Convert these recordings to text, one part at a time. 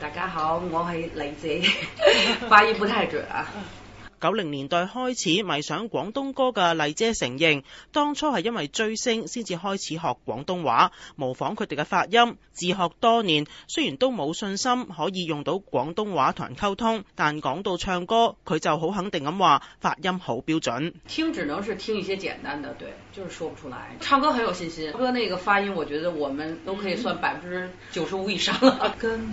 大家好，我係李姐，發音不太準啊。 九零年代開始迷上廣東歌嘅麗姐，承認當初係因為追星先至開始學廣東話，模仿佢哋嘅發音，自學多年，雖然都冇信心可以用到廣東話同人溝通，但講到唱歌，佢就好肯定咁話發音好標準。聽只能是聽一些簡單的，對，就是說不出來。唱歌很有信心，歌那個發音，我覺得我們都可以算百分之九十五以上了。跟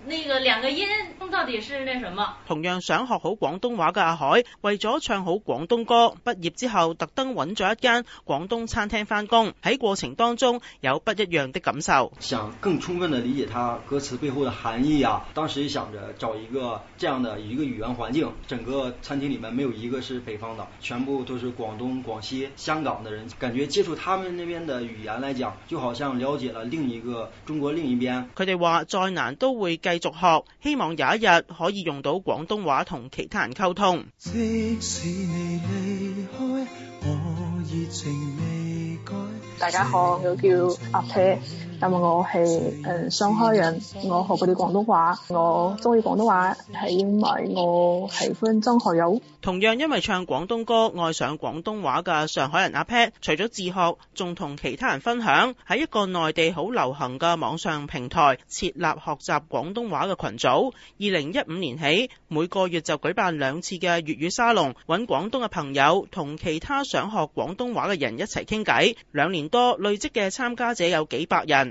那個兩個音到底是那什麼？同樣想學好廣東話嘅阿海，為咗唱好廣東歌，畢業之後特登揾咗一間廣東餐廳翻工，喺過程當中有不一樣的感受。想更充分地理解他歌詞背後的含義啊！當時想着找一個這樣的一個語言環境，整個餐廳裏面沒有一個是北方的，全部都是廣東、廣西、香港的人，感覺接觸他們那邊的語言來講，就好像了解了另一個中國另一邊。佢哋話再難都會繼續學，希望有一日可以用到廣東話同其他人溝通。即使你離開，我熱情未改。大家好，我叫阿車。咁我係誒上海人，我學嗰啲廣東話，我中意廣東話，係因為我喜歡張學友。同樣因為唱廣東歌愛上廣東話嘅上海人阿 Pat，除咗自學仲同其他人分享喺一個內地好流行嘅網上平台設立學習廣東話嘅群組，二零一五年起，每個月就舉辦兩次嘅粵語沙龍，揾廣東嘅朋友同其他想學廣東話嘅人一齊傾偈。兩年多累積嘅參加者有幾百人。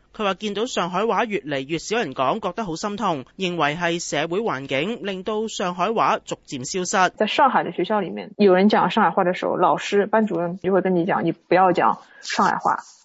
佢話見到上海話越嚟越少人講，覺得好心痛，認為係社會環境令到上海話逐漸消失。在上海嘅學校裡面，有人講上海話嘅時候，老師、班主任就會跟你講：你不要講上海話。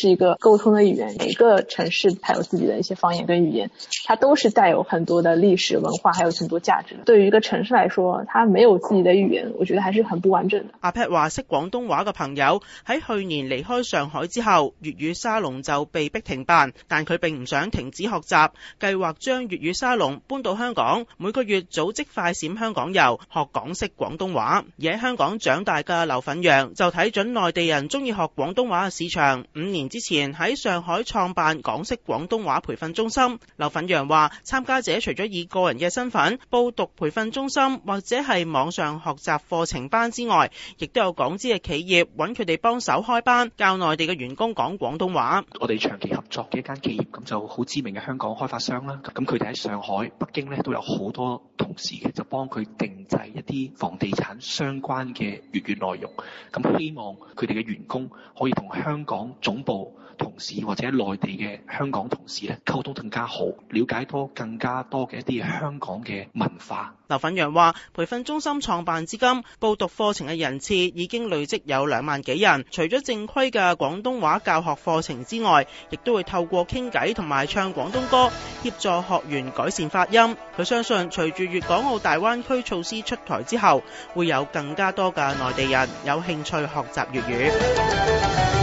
是一個溝通的語言。每個城市它有自己的一些方言跟語言，它都是帶有很多的歷史文化，還有很多價值的。對於一個城市來說，它沒有自己的語言，我覺得還是很不完整的。阿 Pat 話識廣東話嘅朋友喺去年離開上海之後，粵語沙龍就被逼停辦，但佢並唔想停止學習，計劃將粵語沙龍搬到香港，每個月組織快閃香港遊，學港式廣東話。而喺香港長大嘅劉粉揚就睇準內地人中意學廣東話嘅市場，五年。之前喺上海創辦港式廣東話培訓中心，劉粉揚話，參加者除咗以個人嘅身份報讀培訓中心或者係網上學習課程班之外，亦都有港資嘅企業揾佢哋幫手開班，教內地嘅員工講廣東話。我哋長期合作嘅一間企業，咁就好知名嘅香港開發商啦。咁佢哋喺上海、北京咧都有好多同事嘅，就幫佢定製一啲房地產相關嘅粵語內容。咁希望佢哋嘅員工可以同香港總部。同事或者內地嘅香港同事咧，溝通更加好，了解多更加多嘅一啲香港嘅文化。劉奮洋話，培訓中心創辦至今，報讀課程嘅人次已經累積有兩萬幾人。除咗正規嘅廣東話教學課程之外，亦都會透過傾偈同埋唱廣東歌，協助學員改善發音。佢相信，隨住粵港澳大灣區措施出台之後，會有更加多嘅內地人有興趣學習粵語。